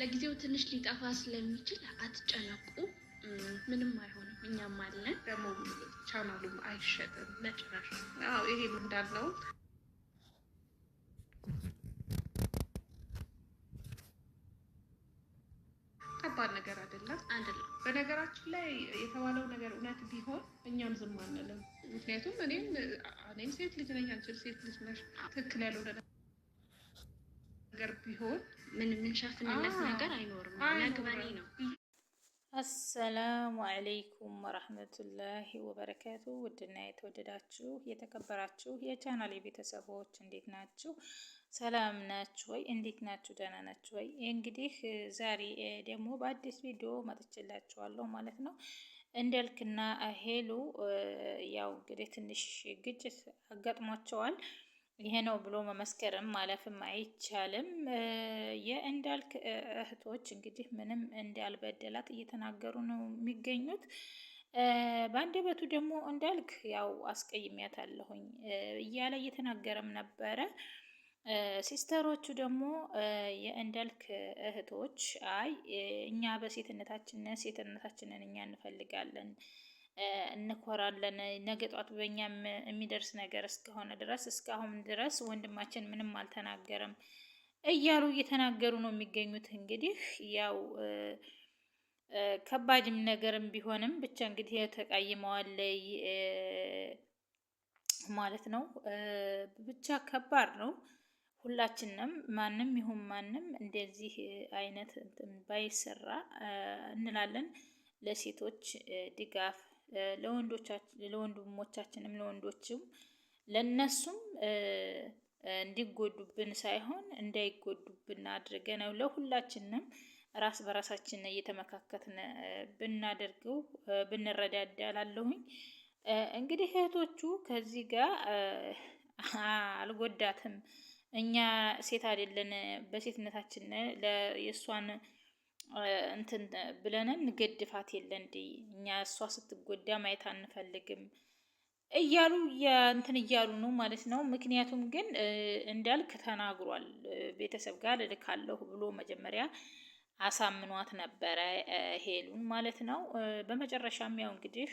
ለጊዜው ትንሽ ሊጠፋ ስለሚችል አትጨነቁ፣ ምንም አይሆንም። እኛም አለን። ደግሞ ቻናሉም አይሸጥም መጭራሽ። አዎ ይሄ እንዳለው ከባድ ነገር አይደለም አይደለም። በነገራችን ላይ የተባለው ነገር እውነት ቢሆን እኛም ዝም አንልም። ምክንያቱም እኔም እኔም ሴት ልጅ ነኝ፣ አንቺም ሴት ልጅ ነሽ። ትክክል ያልሆነ ነገር ቢሆን ምን የምንሸፍንለት ነገር አይኖርም። ነግበኔ ነው። አሰላሙ አለይኩም ወራህመቱላሂ ወበረካቱ። ውድና የተወደዳችሁ የተከበራችሁ የቻናል ቤተሰቦች እንዴት ናችሁ? ሰላም ናችሁ ወይ? እንዴት ናችሁ? ደህና ናችሁ ወይ? እንግዲህ ዛሬ ደግሞ በአዲስ ቪዲዮ መጥቼላችኋለሁ ማለት ነው። እንደልክና ሄሉ ያው እንግዲህ ትንሽ ግጭት አጋጥሟቸዋል። ይሄ ነው ብሎ መመስከርም ማለፍም አይቻልም። የእንዳልክ እህቶች እንግዲህ ምንም እንዳልበደላት እየተናገሩ ነው የሚገኙት። በአንደበቱ ደግሞ እንዳልክ ያው አስቀይሜያታለሁኝ እያለ እየተናገረም ነበረ። ሲስተሮቹ ደግሞ የእንዳልክ እህቶች አይ እኛ በሴትነታችን ሴትነታችንን እኛ እንፈልጋለን እንኮራለን። ነገ ጧት በኛ የሚደርስ ነገር እስከሆነ ድረስ እስካሁን ድረስ ወንድማችን ምንም አልተናገረም እያሉ እየተናገሩ ነው የሚገኙት። እንግዲህ ያው ከባድም ነገርም ቢሆንም ብቻ እንግዲህ ተቃይመዋል ማለት ነው። ብቻ ከባድ ነው። ሁላችንም ማንም ይሁን ማንም እንደዚህ አይነት ባይሰራ እንላለን። ለሴቶች ድጋፍ ለወንድሞቻችንም ለወንዶችም ለእነሱም እንዲጎዱብን ሳይሆን እንዳይጎዱብን አድርገ ነው ለሁላችንም ራስ በራሳችን እየተመካከትን ብናደርገው ብንረዳዳ ላለሁኝ እንግዲህ እህቶቹ ከዚህ ጋር አልጎዳትም። እኛ ሴት አይደለን፣ በሴትነታችን የእሷን እንትን ብለንን ንገድፋት የለ እንዴ እኛ እሷ ስትጎዳ ማየት አንፈልግም እያሉ እንትን እያሉ ነው ማለት ነው። ምክንያቱም ግን እንዳልክ ተናግሯል። ቤተሰብ ጋር ልካለሁ ብሎ መጀመሪያ አሳምኗት ነበረ ሄሉን ማለት ነው። በመጨረሻም ያው እንግዲህ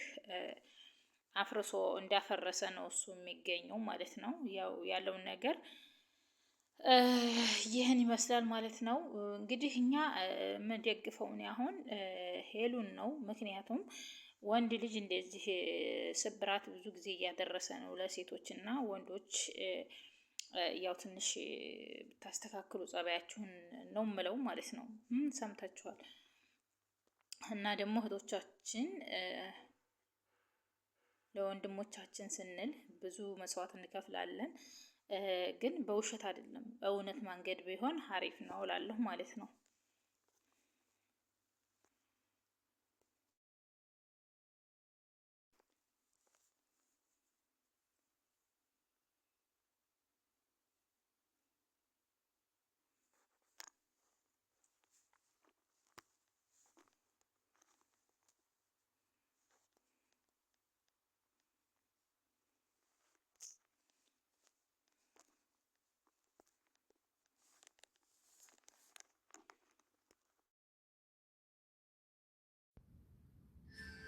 አፍርሶ እንዳፈረሰ ነው እሱ የሚገኘው ማለት ነው። ያው ያለውን ነገር ይህን ይመስላል ማለት ነው። እንግዲህ እኛ የምንደግፈው እኔ አሁን ሄሉን ነው። ምክንያቱም ወንድ ልጅ እንደዚህ ስብራት ብዙ ጊዜ እያደረሰ ነው ለሴቶች እና ወንዶች ያው ትንሽ ብታስተካክሉ ጸባያችሁን ነው ምለው ማለት ነው። ሰምታችኋል። እና ደግሞ እህቶቻችን ለወንድሞቻችን ስንል ብዙ መስዋዕት እንከፍላለን። ግን በውሸት አይደለም፣ በእውነት መንገድ ቢሆን ሀሪፍ ነው እላለሁ ማለት ነው።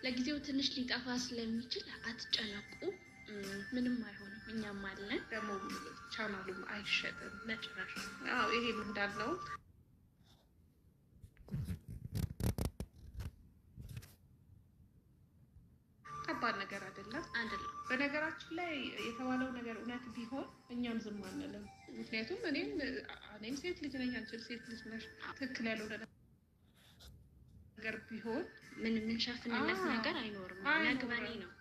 ለጊዜው ትንሽ ሊጠፋ ስለሚችል አትጨነቁ፣ ምንም አይሆንም። እኛም አለን ደግሞ ቻናሉም አይሸጥም መጨረሻ። ይሄ እንዳለው ከባድ ነገር አይደለም። በነገራችን ላይ የተባለው ነገር እውነት ቢሆን እኛም ዝም አንልም። ምክንያቱም እኔም እኔም ሴት ልጅ ነኝ፣ አንቺም ሴት ልጅ ነሽ። ትክክል ያልሆነ ነገር ቢሆን ምን የምንሸፍንለት ነገር አይኖርም። ነግበኔ ነው።